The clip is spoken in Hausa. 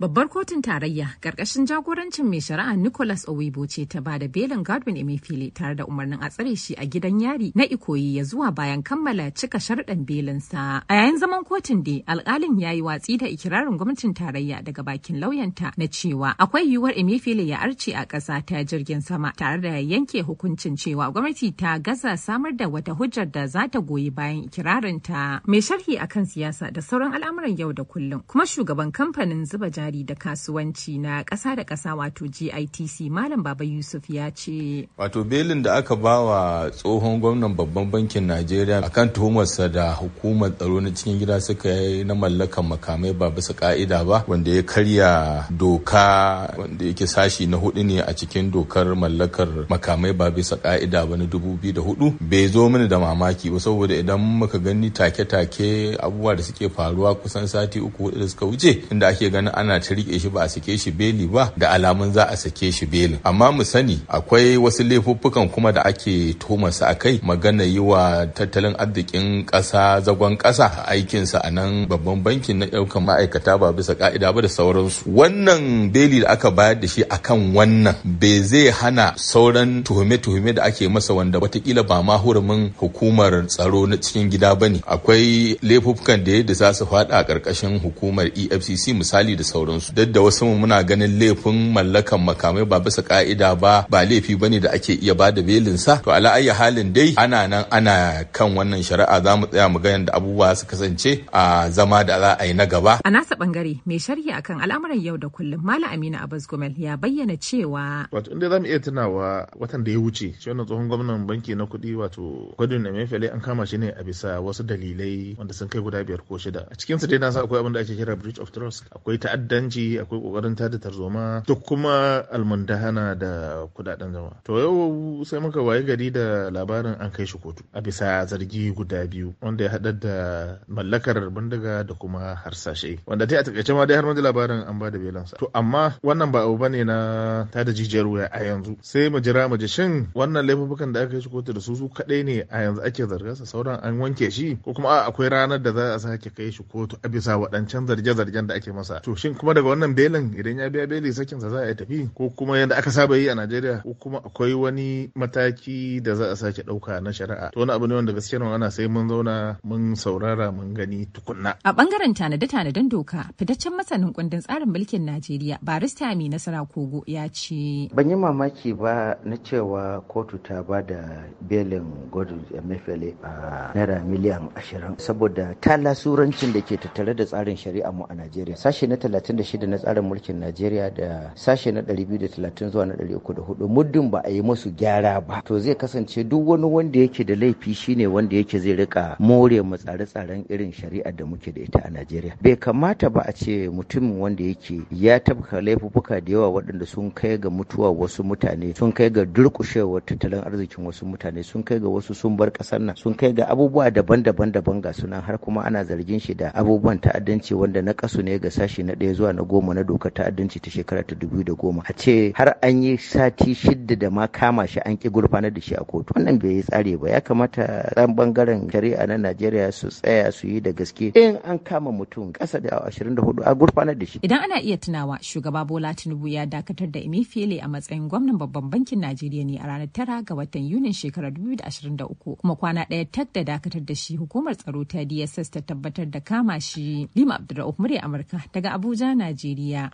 Babbar kotun tarayya ƙarƙashin jagorancin mai shari'a Nicholas Owibo ce ta bada belin Godwin Emefiele tare da umarnin a tsare shi a gidan yari na Ikoyi ya zuwa bayan kammala cika sharɗan belinsa. A yayin zaman kotun dai alƙalin ya yi watsi da ikirarin gwamnatin tarayya daga bakin lauyanta na cewa akwai yiwuwar Emefiele ya arce a ƙasa ta jirgin sama tare da yanke hukuncin cewa gwamnati ta gaza samar da wata hujjar da za ta goyi bayan ikirarinta. Mai sharhi akan siyasa da sauran al'amuran yau da kullum kuma shugaban kamfanin zuba jari jari da kasuwanci na ƙasa da ƙasa wato GITC Malam Baba Yusuf ya ce. Wato belin da aka bawa tsohon gwamnan babban bankin Najeriya akan tuhumarsa da hukumar tsaro na cikin gida suka yi na mallakan makamai ba bisa ka'ida ba wanda ya karya doka wanda yake sashi na hudu ne a cikin dokar mallakar makamai ba bisa ka'ida ba na hudu bai zo mini da mamaki ba saboda idan muka gani take-take abubuwa da suke faruwa kusan sati uku da suka wuce inda ake ganin ana ta rike shi ba a sake shi beli ba da alamun za a sake shi beli amma mu sani akwai wasu laifuffukan kuma da ake su a kai magana yi wa tattalin arzikin ƙasa zagon ƙasa aikinsa a nan babban bankin na ɗaukan ma'aikata ba bisa ka'ida ba da sauransu wannan beli da aka bayar da shi akan wannan bai zai hana sauran tuhume-tuhume da ake masa wanda watakila ba ma hurumin hukumar tsaro na cikin gida ba ne akwai laifuffukan da yadda za su faɗa a ƙarƙashin hukumar efcc misali da sauran sauransu duk da wasu muna ganin laifin mallakan makamai ba bisa ka'ida ba ba laifi bane da ake iya ba da belin sa to ala ayi halin dai ana nan ana kan wannan shari'a za mu tsaya mu ga yanda abubuwa su kasance a zama da za a yi na gaba a nasa bangare mai sharhi akan al'amuran yau da kullum malam amina abbas gomel ya bayyana cewa wato inda za mu iya tunawa watan da ya wuce shi wannan tsohon gwamnan banki na kuɗi wato gwadin na filai an kama shi ne a bisa wasu dalilai wanda sun kai guda biyar ko shida a cikinsu dai na sa akwai abin da ake kira breach of trust akwai ta'addan ta'addanci akwai kokarin tada tarzoma da kuma almundahana da kudaden zama. to yau sai muka waye gari da labarin an kai shi kotu a bisa zargi guda biyu wanda ya hadar da mallakar bindiga da kuma harsashe wanda ta a takaice ma dai har da labarin an bada belansa to amma wannan ba abu bane na tada jijiyar wuya a yanzu sai mu jira mu ji shin wannan laifukan da aka kai shi kotu da su su kadai ne a yanzu ake sa sauran an wanke shi ko kuma akwai ranar da za a sake kai shi kotu a bisa waɗancan zarge-zargen da ake masa to shin kuma kuma daga wannan belin idan ya biya beli sakin sa za a yi tafi ko kuma yadda aka saba yi a najeriya ko kuma akwai wani mataki da za a sake dauka na shari'a to wani abu ne wanda gaskiya ana sai mun zauna mun saurara mun gani tukunna a bangaren tanade-tanaden doka fitaccen masanin kundin tsarin mulkin najeriya barista mai nasara kogo ya ce ban yi mamaki ba na cewa kotu ta ba da belin godwin emefiele a naira miliyan ashirin saboda talasurancin da ke tattare da tsarin shari'a mu a najeriya sashe na talatin 66 na tsarin mulkin Najeriya da sashe na 230 zuwa na 304 muddin ba a yi musu gyara ba to zai kasance duk wani wanda yake da laifi shine wanda yake zai rika more mu tsare-tsaren irin shari'ar da muke da ita a Najeriya bai kamata ba a ce mutumin wanda yake ya tabka laifuka da yawa waɗanda sun kai ga mutuwa wasu mutane sun kai ga durƙushewar tattalin arzikin wasu mutane sun kai ga wasu sun bar ƙasar nan sun kai ga abubuwa daban-daban daban ga sunan har kuma ana zargin shi da abubuwan ta'addanci wanda na kasu ne ga sashi na ɗaya zuwa na goma na dokar ta'addanci ta shekara ta dubu da goma a ce har an yi sati shidda da ma kama shi an ki gurfanar da shi a kotu wannan bai yi tsari ba ya kamata ran bangaren shari'a na najeriya su tsaya su yi da gaske in an kama mutum ƙasa da ashirin da hudu a gurfanar da shi idan ana iya tunawa shugaba bola tinubu ya dakatar da emefiele a matsayin gwamnan babban bankin najeriya ne a ranar tara ga watan yunin shekarar dubu da ashirin da uku kuma kwana ɗaya tak da dakatar da shi hukumar tsaro ta dss ta tabbatar da kama shi lima abdulrahman murya amurka daga abuja Najeriya.